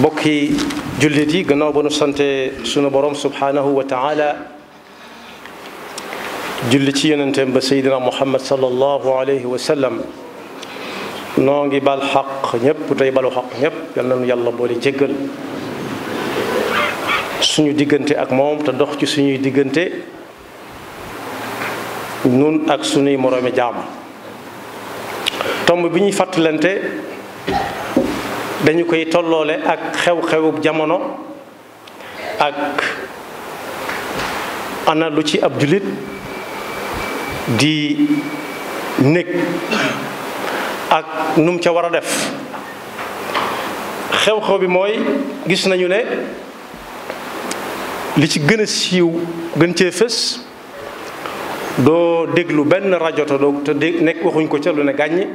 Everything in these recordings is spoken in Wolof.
bokki jullit yi gannaaw ba nu sante sunu borom subhaanahu wa taala julli ci yonenteem ba seydina muhammad sallallahu alayhi wa sallam noo ngi bal xaq ñépp tey balu xaq ñépp yal nañu yàlla boole jéggal suñu diggante ak moom te dox ci suñuy diggante nun ak suñuy moroomi jaam tomb bi ñuy fàttalante dañu koy tolloole ak xew xewu jamono ak ana lu ci ab jullit di nekk ak num ca war a def xew-xew bi mooy gis nañu ne li ci gën a siiw gën cee fës doo déglu benn rajo te doo te nekk waxuñ ko ca lu ne gàññi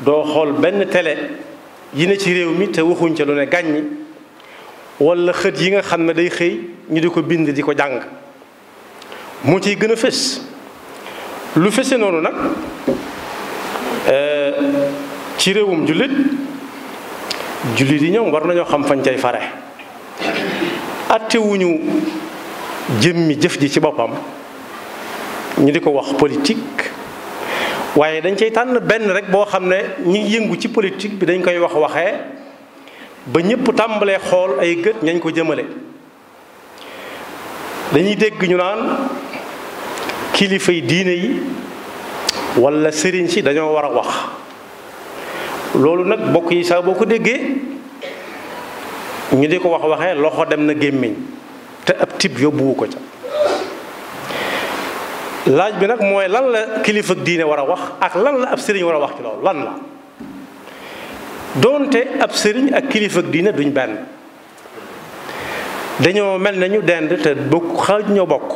doo xool benn télé yi ne ci réew mi te waxuñ ca lu ne gàññi wala xët yi nga xam ne day xëy ñu di ko bind di ko jàng mu ciy gën a fës lu fëse noonu nag euh, ci réewum jullit jullit yi ñoom war nañoo xam fañ cay fare attewuñu jëmmi jëf ji ci boppam ñu di ko wax politik waaye dañ cay tànn benn rek boo xam ne ñi yëngu ci politique bi dañ koy wax waxee ba ñépp tàmbalee xool ay gët ñañ ko jëmale dañuy dégg ñu naan kilifay diine yi walla sëriñ si dañoo war a wax loolu nag bokk yi saa boo ko déggee ñu di ko wax waxee loxo dem na gémmiñ te ab tib yóbbuwu ko ca laaj bi nag mooy lan la kilifa diine war a wax ak lan la ab sëriñ war a wax ci loolu lan la doonte ab sëriñ ak kilifa diine duñ benn dañoo mel nañu dend te bokk xaaj bokk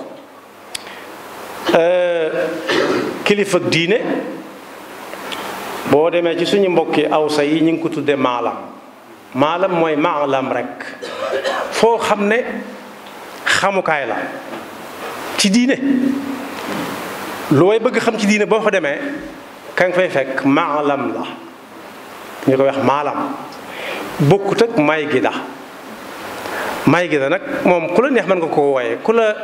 euh, kilifa diine boo demee ci suñu mbokki awsa yi ñu ngi ko tuddee maalam maalam mooy maalam rek foo xam ne xamukaay la ci diine lu way bëgg xam ci diine boo ko demee ka nga fay fekk maalam la ñu koy wax maalam bokkut ak may gi da may gi da nag moom ku la neex mën nga ko wooyee ku la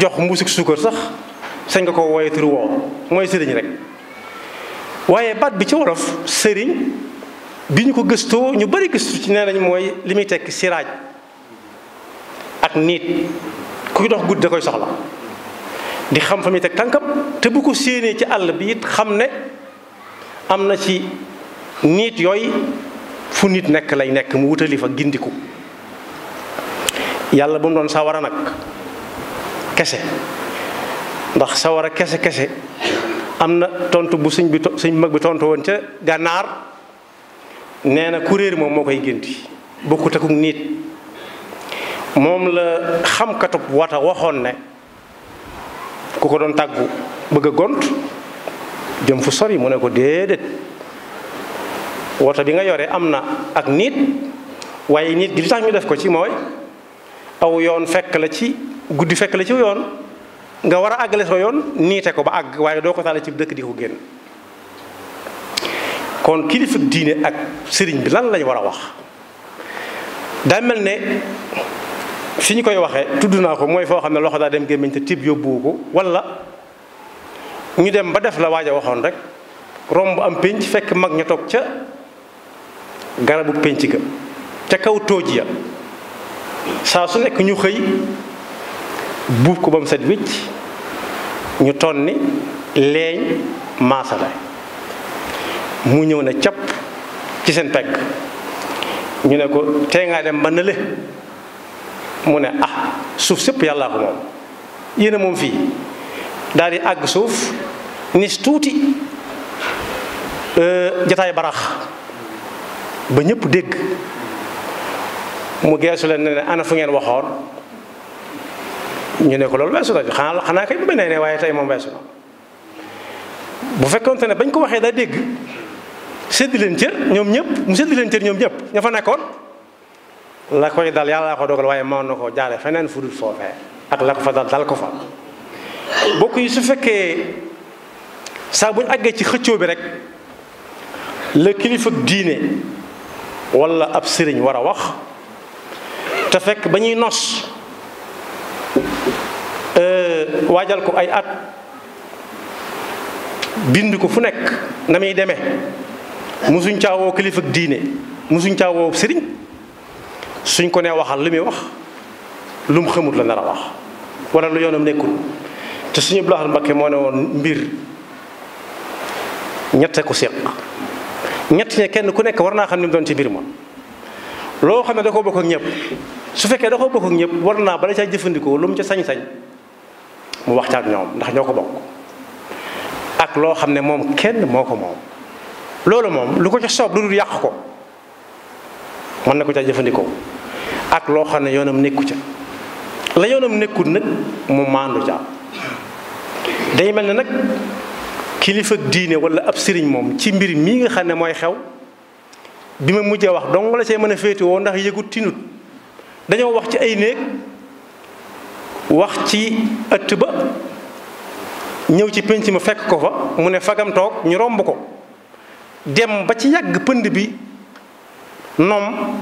jox mbuusug suukar sax sañ nga ko wooyee turu woo mooy sëriñ rek waaye baat bi ci wolof sëriñ bi ñu ko gëstoo ñu bari gëstu ci nee nañ mooy li muy tekki siraaj ak niit ku dox guddi da koy soxla di xam fa muy teg tànkam te bu ko séenee ci àll bi it xam ne am na ci nit yooyu fu nit nekk lay nekk mu wutali fa gindiku yàlla bu mu doon sawara nag kese ndax sawara kese kese am na tontu bu sëñ bi sëñ mag bi tontu woon ca gànnaar nee na kuréer moom moo koy génti bokkut ak nit moom la xamkatub wata waxoon ne ku ko doon tàggu bëgg a gont jëm fu sori mu ne ko déedéet woto bi nga yore am na ak nit waaye nit gi li tax ñu def ko ci mooy aw yoon fekk la ci guddi fekk la ci yoon nga war a àggale soo yoon niite ko ba àgg waaye doo ko taale ci dëkk di ko génn kon kilifa diine ak sëriñ bi lan lañ war a wax daa mel ne fi ñu koy waxee tudd naa ko mooy foo xam ne loxo daa dem gémmiñ te tibb yóbbuwu ko wala ñu dem ba def la waaj a waxoon rek romb am pénc fekk mag ñu toog ca garabu pénc ga ca kaw tóoj ya saa su nekk ñu xëy buub ko ba mu set wicc ñu tonni leeñ maasale mu ñëw ne cap ci seen pegg ñu ne ko tee ngaa dem ba nële mu ne ah suuf sëpp yàllaa ko moom yéen moom fii daal di àgg suuf nis tuuti euh, jataay barax ba ñëpp dégg mu geesu leen ne ana fu ngeen waxoon ñu ne ko loolu weesu na xanaa xanaa kay bu benee waaye tey moom weesu na bu fekkonte ne bañ ko waxee daa dégg séddi leen cër ñoom ñëpp mu séddi leen cër ñoom ñëpp ña fa nekkoon la koy dal yàlla ko dogal waaye moo na ko jaare feneen fu dul foofee ak la ko fa dal dal ko fa bokk yi su fekkee saa bu àggee ci xëccoo bi rek la kilifa diine wala ab sëriñ war a wax te fekk ba ñuy nos euh, waajal ko ay at bind ko fu nekk na muy deme musuñ caawoo kilifa diine musuñ caawoo sëriñ suñ ko nee waxal li muy wax lu xamut la nar wax wala lu yoonam nekkul te suñu Abdoul Ahad Mbacké moo ne woon mbir ñette ko ñett ñe kenn ku nekk war naa xam ni mu doon ci mbir ma loo xam ne da koo bokk ñëpp su fekkee da bokk ñëpp war naa bala caa jëfandikoo lu ca sañ-sañ mu wax ca ndax ñoo ko bokk ak loo xam ne moom kenn moo ko moom loolu moom lu ko ca soob lu dul yàq ko mën na ko caa jëfandikoo ak loo xam ne yoonam nekku ca la yoonam nekkul nag mu maandu ca day mel ne nag kilifa diine wala ab sëriñ moom ci mbir mii nga xam ne mooy xew bi ma mujjee wax dong la see mën a féetewoo ndax yëgut tinut dañoo wax ci ay néeg wax ci ëtt ba ñëw ci penc ma fekk ko fa mu ne fagam toog ñu romb ko dem ba ci yàgg pënd bi noom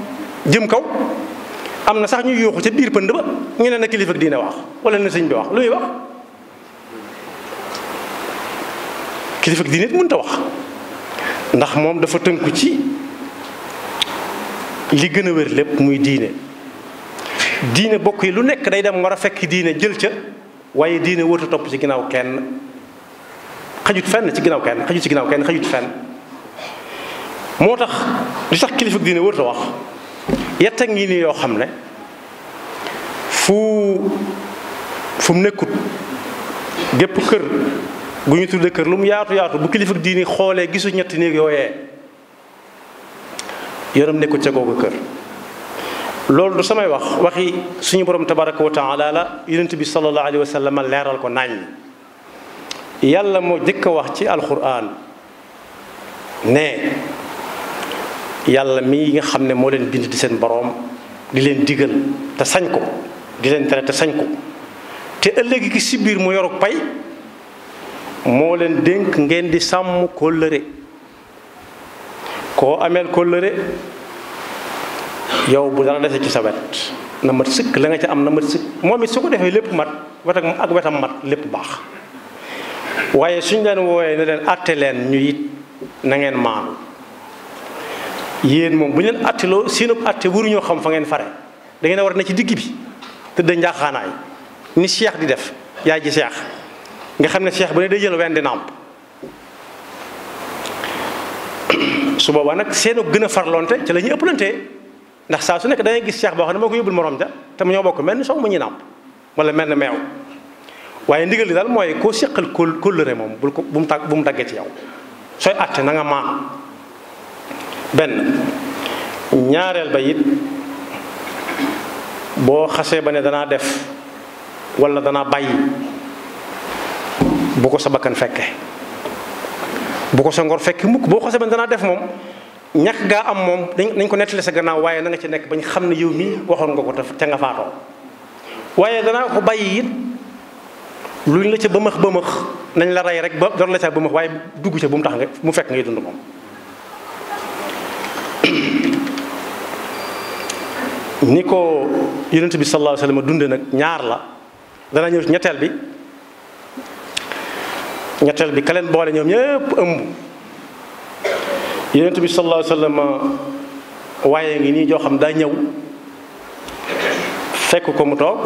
jëm kaw am na sax ñuy yuuxu ca biir pënd ba ñu ne na kilifa ak diine wax wala na sëñ bi wax lu muy wax kilifa ak diine it mënta wax ndax moom dafa tënku ci li gën a wér lépp muy diine diine bokk yi lu nekk day dem war a fekk diine jël ca waaye diine wóotu topp ci ginnaaw kenn xajut fenn ci ginnaaw kenn xajut ci ginnaaw kenn xajut fenn moo tax li tax kilifa diine wërta wax yetta ngi nii yoo xam ne fu fu nekkut gépp kër gu ñu tudde kër lu mu yaatu yaatu bu kilifa diine xoolee gisu ñetti néeg yooyee yoonam nekkut ca googu kër loolu du samay wax waxi suñu borom tabaraka wa taala la yonent bi sallallahu alayhi wa sallam leeral ko naañ yàlla moo jëkk a wax ci alquran ne yàlla mi nga xam ne moo leen bind di seen boroom di leen digal te sañ ko di leen tere te sañ ko te ëllëg gi si biir mu yoruk pay moo leen dénk ngeen di sàmm kóllëre koo ameel kóllëre yow bu dara dese ci sa wet na mat sëkk la nga ca am na mat sëkk moom it su ko defee lépp mat wet ak wetam mat lépp baax waaye suñ leen wooyee ne leen àtte leen ñu it na maanu yéen moom bu ñu leen atteloo seen atte waruñoo xam fa ngeen fare da ngeen a war na ci digg bi tëdd njaaxaanaay ni cheikh di def yaay ji cheikh nga xam ne cheikh bu ne day jël wenn di nàmp su boobaa nag seenu gën a farlonte ci la ñuy ëpplante ndax saa su nekk da gis seex boo xam ne moo ko yóbbul morom ja te mu ñoo bokk mel ni soow mu ñuy nàmp wala mel ni meew waaye ndigal li daal mooy koo seqal kóllëre moom bul bu mu tàgg bu mu daggee ci yow sooy atte na benn ñaareel ba it boo xasee ba ne danaa def wala danaa bàyyi bu ko sa bakkan fekke bu ko sa ngor fekke mukk boo xasee ba ne danaa def moom ñàkk gaa am moom dañ ko nettali sa gannaaw waaye na nga ci nekk bañ xam ne yow mi waxoon nga ko te ca nga faatoo waaye danaa ko bàyyi it luñ la ca bëmëx bëmëx nañ la rey rek ba dor la ca bëmëx waaye dugg ca bu mu tax nga mu fekk ngay dund moom ni ko yonent bi sallallahu alayhi dunde nag ñaar la dana ñëw ñetteel bi ñetteel bi ka leen boole ñoom ñëpp ëmb yonent bi sallallahu alayhi waaye ngi nii joo xam daa ñëw fekk ko mu toog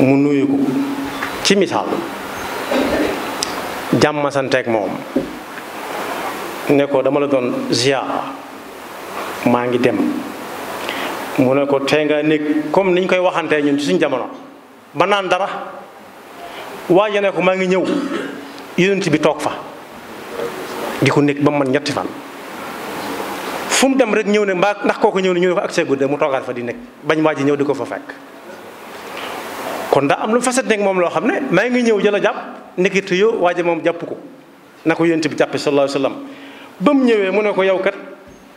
mu nuyu ko ci misaal jàmmasanteeg moom ne ko dama la doon ziar maa ngi dem mu ne ko tey nga nekk comme niñ koy waxantee ñun ci suñ jamono ba naan dara waaja ne ko maa ngi ñëw yonent bi toog fa di ko nekk ba man ñetti fan fu mu dem rek ñëw ne mbaa ndax kooku ñëw ne ñu ne ko ak see gudde mu toogaat fa di nekk bañ waa ji ñëw di ko fa fekk kon daa am lu faset nekk moom loo xam ne maa ngi ñëw a jàpp nekkit yo waa ji moom jàpp ko na ko yonent bi jàppe sallallahu alayhi wa sallam ba mu ñëwee mu ne ko yow kat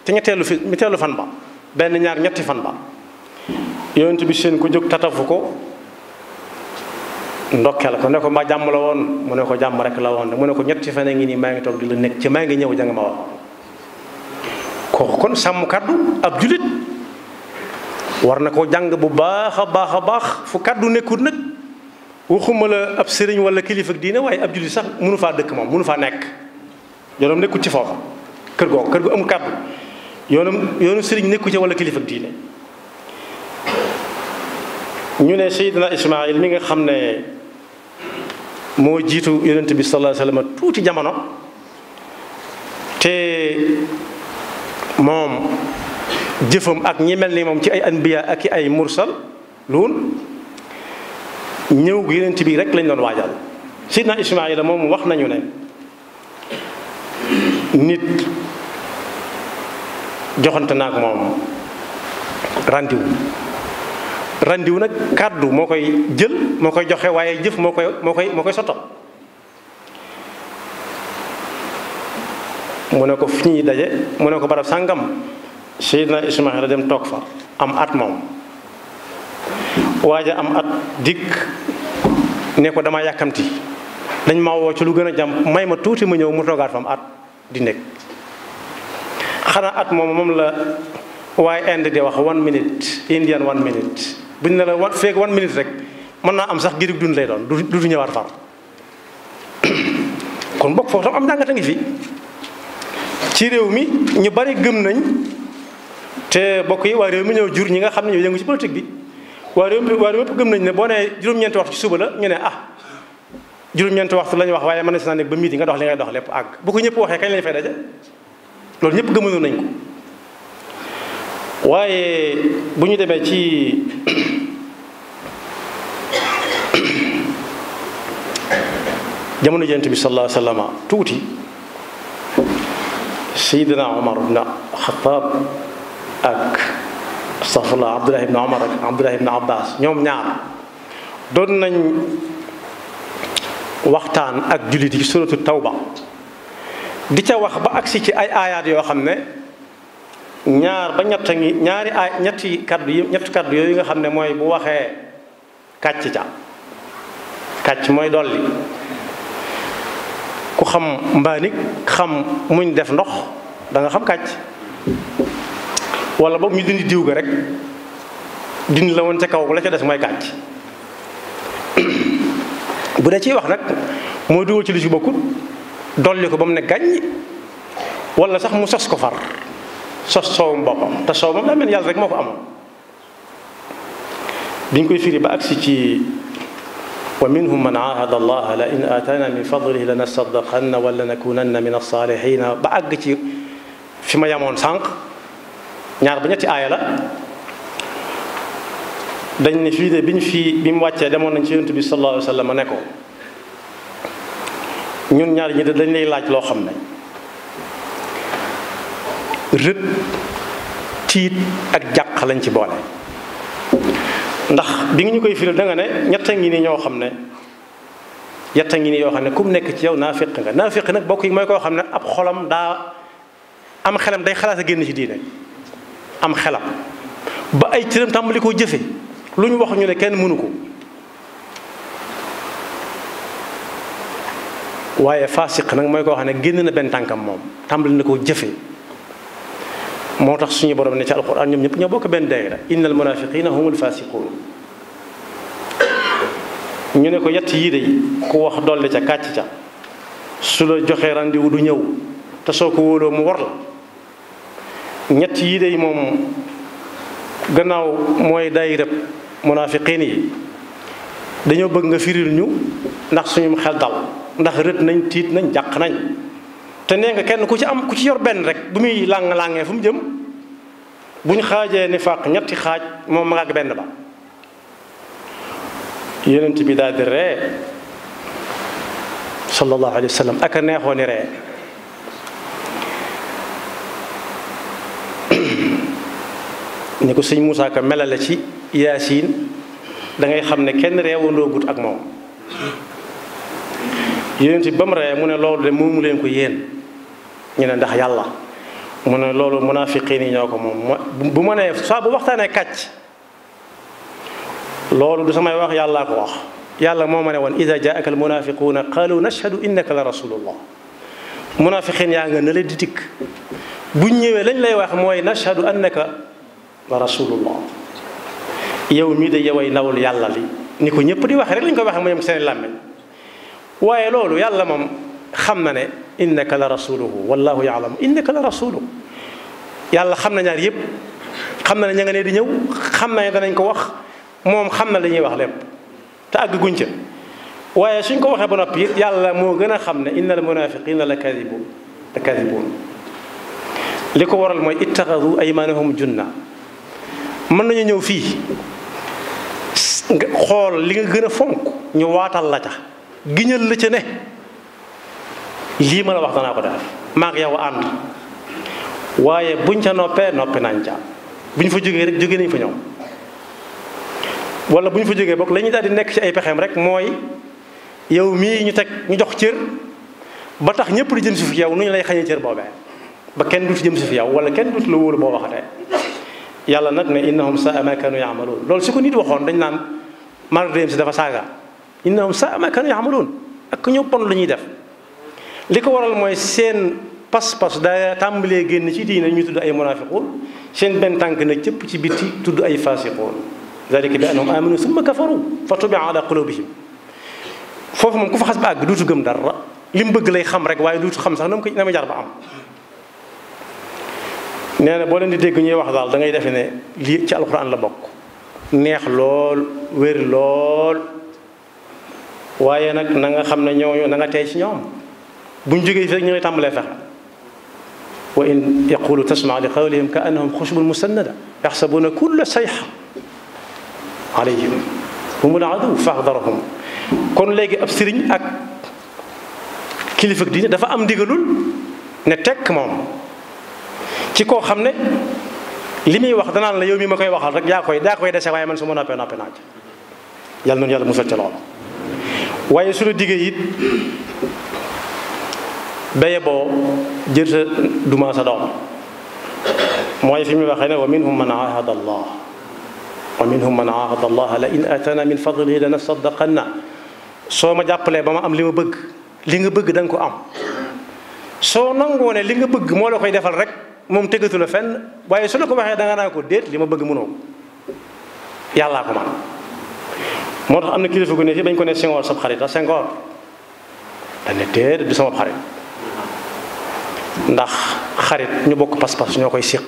te ñetteelu fi ñetteelu fan ba benn ñaar ñetti fan ba yonent bi seen ku jóg tatafu ko ndokkeel ko ne ko ma jàmm la woon mu ne ko jàmm rek la woon mu ne ko ñetti fan a ngi nii maa ngi toog di la nekk ci maa ngi ñëw jàng ma wax kooku kon sàmm kàddu ab julit war na ko jàng bu baax a baax a baax fu kàddu nekkul nag waxuma la ab sëriñ wala kilifa diine waaye ab julit sax mënu faa dëkk moom mënu faa nekk yoonam nekkul ci foofa kër googu kër gu amul kàddu yoonu yoonu sëriñ nekku ca wala kilifa diine ñu ne Seydina Ismaayil mi nga xam ne moo jiitu yonent bi sallallahu alayhi wa sallam tuuti jamono te moom jëfam ak ñi mel ni moom ci ay anbiya ak i ay mursal luun ñëw gu yonent bi rek lañ doon waajal Seydina Ismaayil moom wax nañu ne nit joxante naa ak moom randiw randiw nag kàddu moo koy jël moo koy joxe waaye jëf moo koy moo koy moo koy soto mu ne ko fi ñuy daje mu ne ko barab sàngam Seydina Ismaila dem toog fa am at moom waaja am at dikk ne ko dama yàkkamti dañ ma woo ci lu gën a jàmm may ma tuuti ma ñëw mu toogaat fa am at di nekk xanaa at moom moom la waaye inde di wax one minute indian one minute buñ ne la wa feeg one minute rek mën naa am sax girig dund lay doon du du ñëwaat far kon bokk foofu tam am njàngata ngi fi ci réew mi ñu bari gëm nañ te bokk yi waa réew mi ñëw jur ñi nga xam ne ñoo yëngu ci politique bi waa réew mi waa réew mépp gëm nañ ne boo nee juróom-ñeenti waxtu ci suba la ñu ne ah juróom-ñeenti waxtu la ñu wax waaye mën na si naa ne ba midi nga dox li ngay dox lépp àgg bu ñëpp waxee kañ lañ fay daje loolu ñëpp gëmënoon nañ ko waaye bu ñu demee ci jamono jent bi sallallahu alayhi tuuti sayidina omar ibn xataab ak astafurlah ak abdulahi ibn abbas ñoom ñaar doon nañ waxtaan ak jullit yi suratu tawba di ca wax ba agsi ci ay aayaat yoo xam ne ñaar ba ñett ngi ñaari ay ñetti kaddu yi ñetti kaddu yooyu nga xam ne mooy bu waxee kàcc ca kàcc mooy dolli ku xam mbaanik xam muñ def ndox da nga xam kàcc walla ba ñu dindi diw ga rek dindi la woon ca kaw la ca des mooy kàcc bu dee ciy wax nag moo dugal ci lu ci bokkut dolli ko ba mu ne gàññ walla sax mu sos ko far sos soowum boppam te soow moom daa mel yàlla rek moo ko amoon biñ koy firi ba agsi ci wa minhum man aahada allah la in aataana min fadlihi la nasaddaqanna wa la nakunanna min alsaalihina ba àgg ci fi ma yamoon sànq ñaar ba ñetti aaya la dañ ne fi de biñ fii bi mu wàccee demoon nañ ci yonent bi sallallahu alayhi wa sallam ne ko ñun ñaar ñi dañ lay laaj loo xam ne rët tiit ak jàq lañ ci boole ndax bi nga ñu koy firil da nga ne ñetta ngi ni ñoo xam ne yetta ngi yoo xam ne ku mu nekk ci yow naafiq nga naafiq nag bokk yi mooy koo xam ne ab xolam daa am xelam day xalaat a génn ci diine am xelam ba ay cëram tàmbali koo jëfe lu ñu wax ñu ne kenn mënu ko waaye faasiq nag mooy koo xam ne génn na benn tànkam moom tàmbali na koo jëfe moo tax suñu borom ne ci alquran ñoom ñëpp ñoo bokk benn daayira innal munafiqina humul fasiqun ñu ne ko yett yii day ku wax dolli ca kàcc ca su la joxee rendez du ñëw te soo ko wóoloo mu war la ñett moom gannaaw mooy daayira munafiqin yi dañoo bëgg nga firil ñu ndax suñu xel dal ndax rët nañ tiit nañ jàq nañ te nee nga kenn ku ci am ku ci yor benn rek bu muy làng-làngee fu mu jëm buñ xaajee ni fàq ñetti xaaj moom ma nga benn ba yonent bi daal di ree sallallahu alayhi wa sallam neexoo ni ree ni ko sëñ Moussa Ka melale ci yaasin da ngay xam ne kenn reewandoo gut ak moom yonent bi ba mu reyee mu ne loolu de moomu leen ko yéen ñu ne ndax yàlla mu ne loolu munaafiqiin yi ñoo ko moom bu ma nee saa bu waxtaanee kàcc loolu du samay wax yàllaa ko wax yàlla moo ma ne woon ida jaaka al munaafiquuna qaalu na innaka la rasulullah munaafiqiin yaa nga ne la di dikk buñ ñëwee lañ lay wax mooy na annaka la rasulullah yow mii de yoway yàlla li ni ko ñëpp di waxee rek lañ ko waxee mu seen làmmiñ waaye loolu yàlla moom xam na ne innaka la rasuluhu wallahu yaalamu innaka la rasuluhu yàlla xam na ñaar yëpp xam na ne ña di ñëw xam na ne danañ ko wax moom xam na li wax lépp te àgg guñ waaye suñ ko waxee ba noppi it yàlla moo gën a xam ne inna al munafiqina la kadibun la kadibun li ko waral mooy ittaxadu aymanahum junna mën nañu ñëw fii xool li nga gën a fonk ñu waatal la giñal la ca ne lii ma la wax danaa ko def maa ngi yow ànd waaye buñ ca noppee noppi nañ ca bu ñu fa jógee rek jógee nañ fa ñëw wala bu ñu fa jógee bokk la ñuy daal di nekk ci ay pexeem rek mooy yow mii ñu teg ñu jox cër ba tax ñëpp di jëm si fi yow nu ñu lay xañee cër boobee ba kenn duuti jëm si fi yow wala kenn duuti la wóolu boo waxatee yàlla nag ne innahum saa ma kanu yaamaluun loolu su ko nit waxoon dañ naan mar dem si dafa saaga innahum saa ma kanu ya'maluun ak ñëw pon lu ñuy def li ko waral mooy seen pas-pas daa tàmbalee génn ci diine ñu tudd ay munaafiquun seen benn tànk na cëpp ci bitti tudd ay faasiquun dalika bi annahum amanu summa kafaru fa tubi'a foofu moom ku fa xas ba àgg duutu gëm dara li mu bëgg lay xam waaye duutu xam sax na ko na ma ba am nee na boo leen di dégg ñuy wax daal da ngay defe ne lii ci alxuraan la bokk neex lool wér lool waaye nag nanga xam ne ñooñu na nga tey ñoom buñ jógee fii rek ñu ngi tàmbalee fexe wa in yaqulu tasmaa li qawlihim ka annahum xushbun musannada yaxsabuna kulla sayx léegi ab sëriñ ak kilifa diine dafa am ndigalul ne tekk moom ci xam ne li muy wax danaan la yow mi ma koy waxal rek yaa koy yaa koy dese waaye man su ma noppee noppee naaj yàlla noonu yàlla musal ca waaye su la diggee it béye boo jël sa duma sa doom mooy fi mu waxee ne wa minhum man ahada allah wa minhum man ahada allah la in atana min fadlihi lana soo ma jàppalee ba ma am li ma bëgg li nga bëgg danga ko am soo nangoo ne li nga bëgg moo la koy defal rek moom tegatu fenn waaye su la ko waxee da nga naa ko déet li ma bëgg mënoo ko yàllaa ko man moo tax am na kilifa gu ne fii bañ ko ne Senghor sab xarit a Senghor dane déedéet du sama xarit ndax xarit ñu bokk pas ñoo koy siq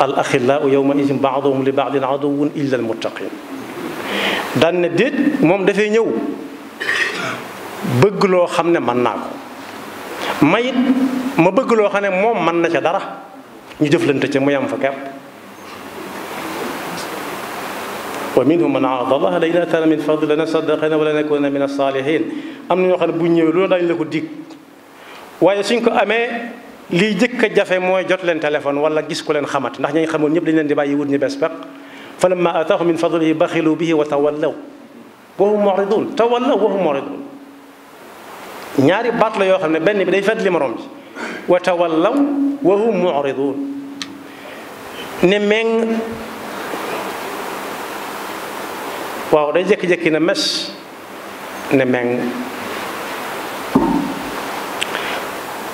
al axillaau yawma idin baaduhum li baadin aduwun illa al muttaqin daan ne déet moom dafay ñëw bëgg loo xam ne man naa ko mayit ma bëgg loo xam ne moom mën na ca dara ñu jëflante ca mu yam fa kepp ومنهم من عاهد الله la in aataana min fadli lanasaddaqanna wa lanakunanna mina saalihin am na ñoo xam ne bu ñëwee loolu daañu la ko dig waaye suñ ko amee liy jëkk a jafe mooy jot leen téléphone wala gis ku leen xamat ndax ñañ xamoon ñëpp dañ leen di bàyyi wut ñu bes peq falamma aataahum min fadlihi baxilu bihi wa tawallaw wa hum muridun tawallaw wa hum muridun ñaari baat la yoo xam ne benn bi day fedd li morom bi wa tawallaw wa hum muridun ne meeng waaw day jékki-jékki ne mes ne meng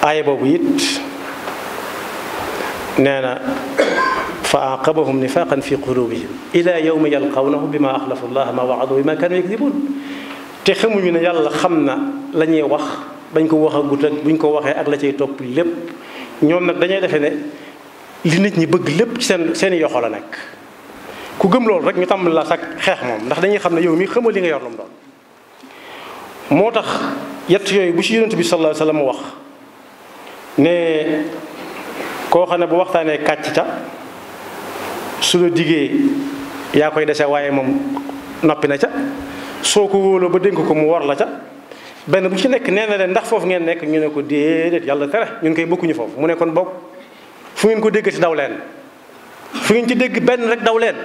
aaya boobu it nee na fa aqabahum nifaqan fi qulubihim ila yowmi yalqawnahu bima axlafu llah ma waadu bima kanu yakdibun te xamuñu na yàlla xam na la ñuy wax bañ ko wax agut ak buñ ko waxee ak la cay topp lépp ñoom nag dañuy defe ne li nit ñi bëgg lépp ci seen seen yoxo la nekk ku gëm loolu rek ñu tàmbali la sax xeex moom ndax dañuy xam ne yow mi xamal li nga yor la mu doon moo tax yett yooyu bu ci yonent bi sallallahu alayhi wasallam wax ne ne bu waxtaanee kàcc ca su la digee yaa koy dese waaye moom noppi na ca soo ko wóoloo ba dénk ko mu war la ca benn bu ci nekk nee na leen ndax foofu ngeen nekk ñu ne ko déedéet yàlla tere ñun koy bokkuñu foofu mu ne kon bokk fu ngeen ko dégg daw leen fu ngeen ci dégg benn rek daw leen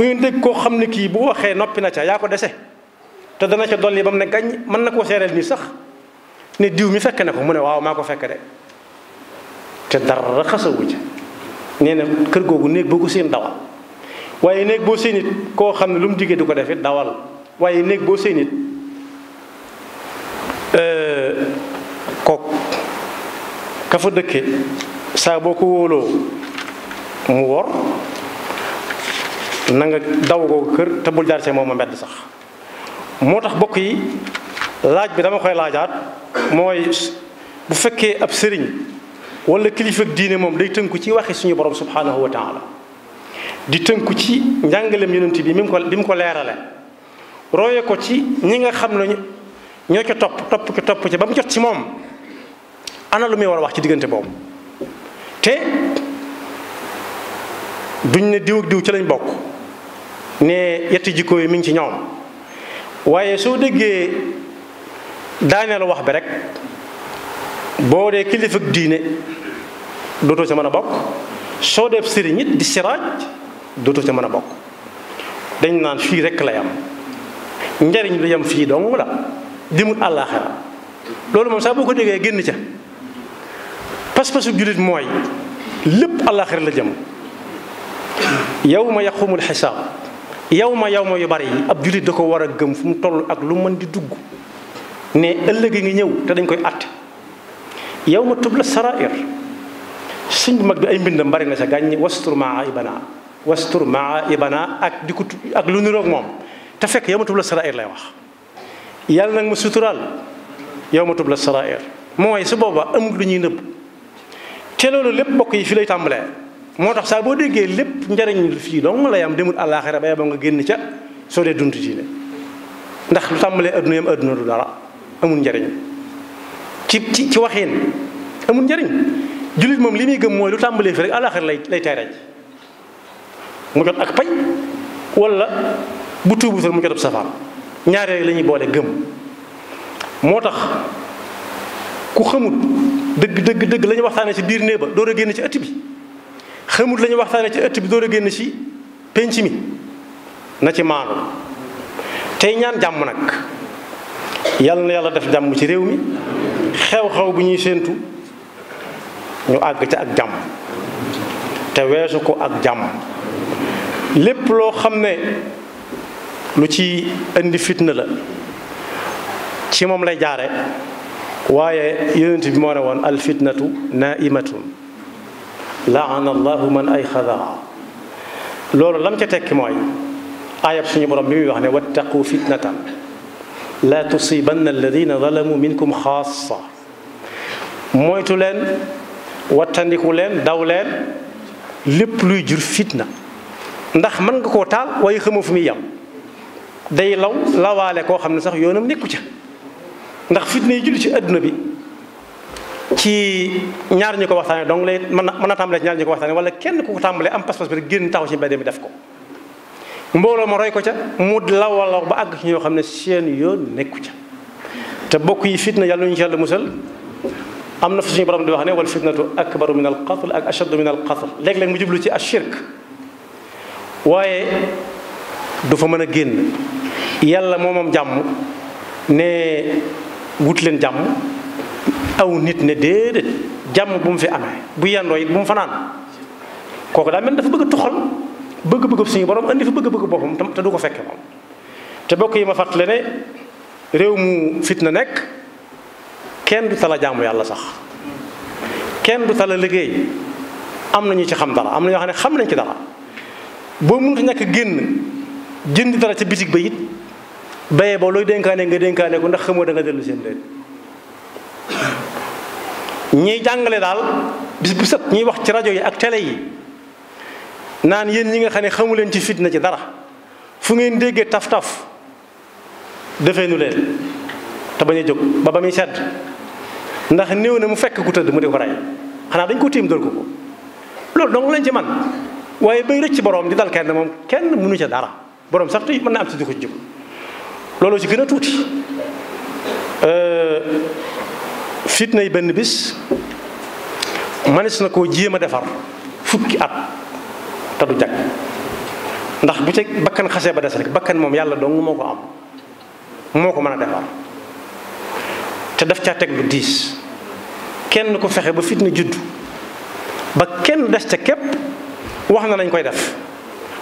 fu ñu dégg koo xam ne kii bu waxee noppi na ca yaa ko dese te dana ca dolli ba mu ne gañ mën na koo seereel nii sax ne diw mi fekk na ko mu ne waaw maa ko fekk de te dara xasawu ca nee na kër googu néeg boo ko seen dawal waaye néeg boo seen it koo xam ne lu mu diggee ko def dawal waaye néeg boo seen euh, kook ka fa dëkke saa boo ko wóoloo mu wor nanga nga daw ko kër te bul jaar see moom a mbedd sax moo tax bokk yi laaj bi dama koy laajaat mooy bu fekkee ab sëriñ wala kilifa ak diine moom day tënku ci waxi suñu borom subhanahu wa di tënku ci njàngaleem yonent bi mi mu ko bi mu ko leerale royee ko ci ñi nga xam ne ñoo ca topp topp ci topp ci ba mu jot ci moom ana lu muy war a wax ci diggante boobu te duñ ne diw ak diw ci lañ bokk ne yetti jikko yi mi ngi ci ñoom waaye soo déggee daaneelu wax bi rek boo dee kilifa diine dootoo sa mën a bokk soo def sëriñ it di siraaj dootoo ca mën a bokk dañ naan fii rek la yam njariñ lu yam fii dong la dimul àllaaxira loolu moom saa boo ko déggee génn ca pas-pasu jullit mooy lépp àllaaxira la jëm yow ma yaqumul xisaab yow ma yow ma yu bari yi ab jullit da ko war a gëm fu mu toll ak lu mën di dugg ne ëllëg a ngi ñëw te dañ koy àtte yow ma tub la sarair suñ bu mag bi ay mbind mbari na sa gàññi wastur maa ibana wastur maa ibana ak di ko ak lu niroog moom te fekk yow ma tub la sarair lay wax yàlla nag ma suturaal yow ma tub la sarair mooy su booba amul lu ñuy nëbb te loolu lépp mbokk yi fi lay tàmbalee moo tax saa boo déggee lépp njariñ fii dong lay am demul àllaaxira ba ba nga génn ca soo dee dund diine ndax lu tàmbalee adduna yam adduna du dara amul njariñ ci ci ci waxin amul njariñ jullit moom li muy gëm mooy lu tàmbalee fi rek àllaaxira lay mu jot ak pay wala bu tuubutal mu jot ab safaan la ñuy boole gëm moo tax ku xamut dëgg dëgg dëgg la ñu waxtaanee ci biir néeg ba door a génn ci ëtt bi xamut la ñuy waxtaane ci ëtt bi door a génn ci pénc mi na ci maanu tey ñaan jàmm nag yal na yàlla def jàmm ci réew mi xew-xew bu ñuy séentu ñu àgg ci ak jàmm te weesu ko ak jàmm lépp loo xam ne lu ci indi fitna la ci moom lay jaare waaye yonent bi moo ne woon al fitnatu naimatun laana allahu man ay xadaa loolu lam ca tekki mooy ayab suñu borom bi muy wax ne wattaqu fitnatan la tusibanna alladina zalamu minkum xaasa moytu leen wattandiku leen daw leen lépp luy jur fitna ndax mën nga ko taal waaye xamoo fu muy yam day law lawaale koo xam ne sax yoonam nekku ca ndax fitna yi julli ci adduna bi ci ñaar ñu ko waxtaanee donc lay mën na mën na tàmbalee ci ñaar ñu ko waxtaanee wala kenn ku ko tàmbalee am pas-pas bi rek génn taxaw ci mbedd mi def ko. mbooloo ma roy ko ca mu lawalaw ba àgg ci ñoo xam ne seen yoon nekku ca te bokk yi fitna yàlla ñu ci yàlla musal am na fi suñu borom di wax ne wal fitnatu akbaru min al qatl ak ashaddu min al qatl lekk léeg mu jublu ci ashirk waaye du fa mën a génn yàlla moomam jàmm ne wut leen jàmm. aw nit ne déedéet jàmm bu mu fi amee bu yendoo it bu mu fanaan kooku daa mel dafa bëgg a tuxal bëgg-bëgg suñu borom indi fi bëgg-bëgg boppam te du ko fekke moom te bokk yi ma fàttale ne réew mu fitna nekk kenn du tala jaamu yàlla sax kenn du tala liggéey am na ñu ci xam dara am na ñoo xam ne xam nañ ci dara boo mënut ñàkk génn jënd dara ca bitig ba it bayee ba looy dénkaane nga dénkaane ko ndax xamoo da nga dellu seen déet ñiy jàngale daal bis bu set ñuy wax ci rajo yi ak télé yi naan yéen ñi nga xam ne xamu leen ci fitna ci dara fu ngeen déggee taf-taf defee nu leen te ba a jóg ba ba muy sedd ndax néew na mu fekk ku tëdd mu di ko rey xanaa dañ ko tiim dër ko ko loolu dong lañ ci man waaye bay rëcc borom di dal kenn moom kenn mënu ca dara borom sax te mën naa am si di ko ci jóg loolu ci gën a tuuti. Euh, fitna yi benn bis manis na koo jéem a defar fukki at te du jag ndax bu ca bakkan xasee ba des rek bakkan moom yàlla dong moo ko am moo ko mën a defar te def caa teg lu diis kenn ko fexe ba fitna judd ba kenn des ca képp wax na nañ koy def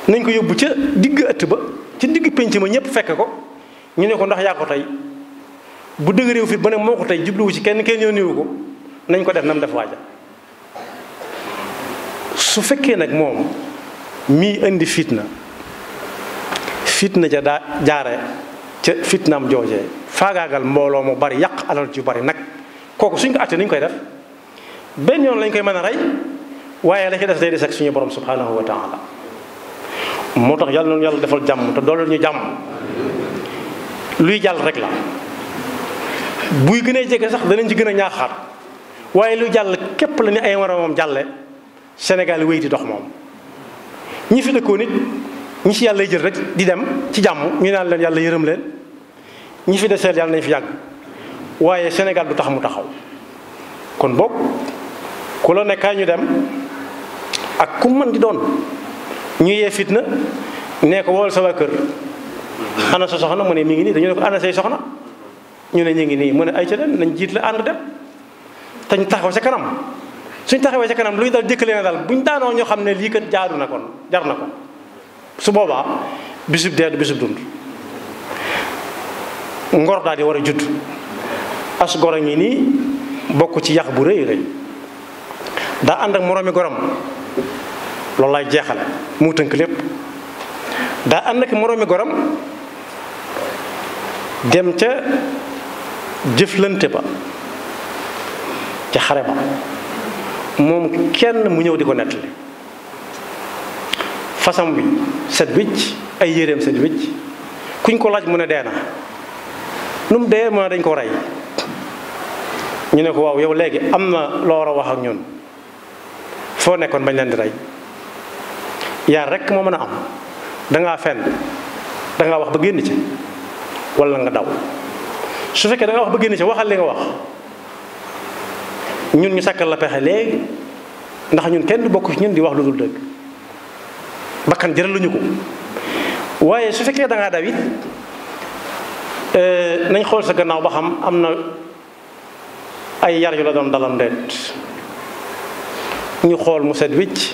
nañ ko yóbbu ca digg ëtt ba ca digg pénc ma ñëpp fekk ko ñu ne ko ndax yaa ko tey bu dëgëréew fi ba ne moo ko tey jubluwu ci kenn kenn yónniwu ko nañ ko def nam def waaja su fekkee nag moom mii indi fitna fitna ja daa jaare ca fitnaam joojee faagaagal mbooloo mu bari yàq alal yu bari nag kooku suñ ko àttee niñ koy def benn yoon lañ koy mën a rey waaye la koy def day des ak suñu borom subhanahu wa moo tax yàlla yàlla defal jàmm te dooleel ñu jàmm luy jàll rek la buy gën a jege sax danañ ci gën a ñaaxaat waaye lu jàll képp la ni ay moromam jàlle Sénégal wéy di dox moom ñi fi dëkkoon nit ñi ci yàlla jël rek di dem ci jàmm ñu naan leen yàlla yërëm leen ñi fi deseel yàlla nañ fi yàgg waaye Sénégal du tax mu taxaw kon boog ku la nekkaay ñu dem ak ku mën di doon ñu yee fitna nee ko wool sa waa kër ana sa soxna mu ne mu ngi nii dañu ne ko ana say soxna ñu ne ñu ngi nii mu ne ay ca dem nañ jiit la ànd dem tañ taxaw sa kanam suñ taxawee ca kanam luy dal jëkkalee na daal buñ daanoo ñoo xam ne lii kat jaadu na kon jar na ko su boobaa bisub dee du bisub dund ngor daal di war a judd as goro ngi nii bokk ci yàq bu rëy rëy daa ànd ak moroomi gorom loolu lay jeexal mu tënk lépp daa ànd ak moroomi gorom dem ca jëflante ba ca xare ba moom kenn mu ñëw di ko nettali façon bi set wicc ay yéreem set wicc kuñ ko laaj mu ne dee na nu mu dee mu dañ ko rey ñu ne ko waaw yow léegi am na loo war a wax ak ñun foo nekkoon bañ leen di rey yaa rekk moo mën a am dangaa fenn danga wax ba génn ci walla nga daw su fekkee da wax ba génn ci waxal li nga wax ñun ñu sàkkal la pexe léegi ndax ñun kenn bokk ci ñun di wax lu dul dëgg bakkan luñu ko waaye su fekkee da ngaa daw it euh, nañ xool sa gannaaw ba xam am na ay yar yu la doon dalam ndeet ñu xool mu set wicc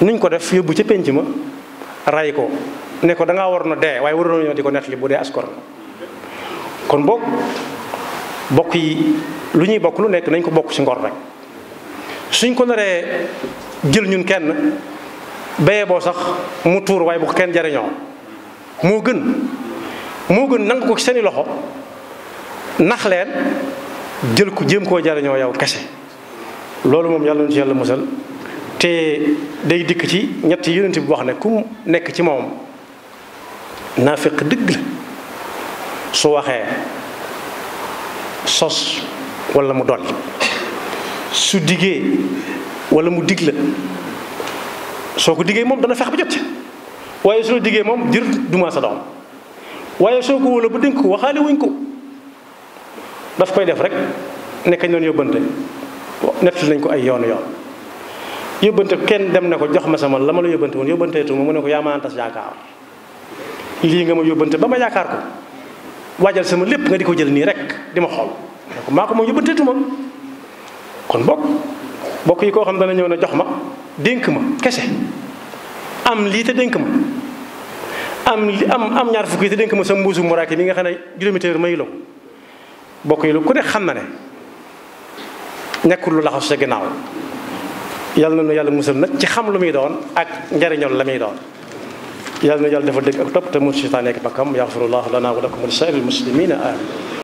nuñ ko def yóbbu ca pénc ma ray ko ne ko da ngaa war na dee waaye waroon nañoo di ko nettali bu dee askor kon boog bokk yi lu ñuy bokk lu nekk nañ ko bokk ci ngor rek suñ ko naree jël ñun kenn béyee boo sax mu tuur waaye bu ko kenn jariñoo moo gën moo gën nangu ko ci seeni loxo nax leen jël ko jëm koo jariñoo yow kese loolu moom yàlla na ci yàlla musal te day dikk ci ñetti yonent bi wax ne ku nekk ci moom naafiq dëgg la su waxee sos walla mu dolli su diggee walla mu dig la soo ko diggee moom dana fex ba jot ci waaye su la diggee moom dir duma sa doom waaye soo ko wóola ba dénk ko waxaale wuñ ko daf koy def rek nekkañ doon yóbbante nett nañ ko ay yoon yoon yóbbante kenn dem ne ko jox ma sama la ma la yóbbante woon yóbbanteetu ma mu ne ko yaa ma antas yaakaar lii nga ma yóbbante ba ma yaakaar ko waajal sama lépp nga di ko jël nii rek di ma xool maa ko moom yóbbateetu ma kon bokk bokk yi koo xam dana ñëw ne jox ma dénk ma kese am lii te dénk am am am ñaar fukki te dénk ma sa mbuusu muraake bi nga xam ne juróomi téeméer mayu bokk yi lu ku ne xam na ne nekkul lu laxasu sa ginnaaw yàlla na yàlla musal na ci xam lu muy doon ak njariñol la muy doon yàlla na yàlla dafa dégg ak topp te mu seytaane ak bakkam yaxfirullahu lana wa lakum wa li saa'iril muslimina amin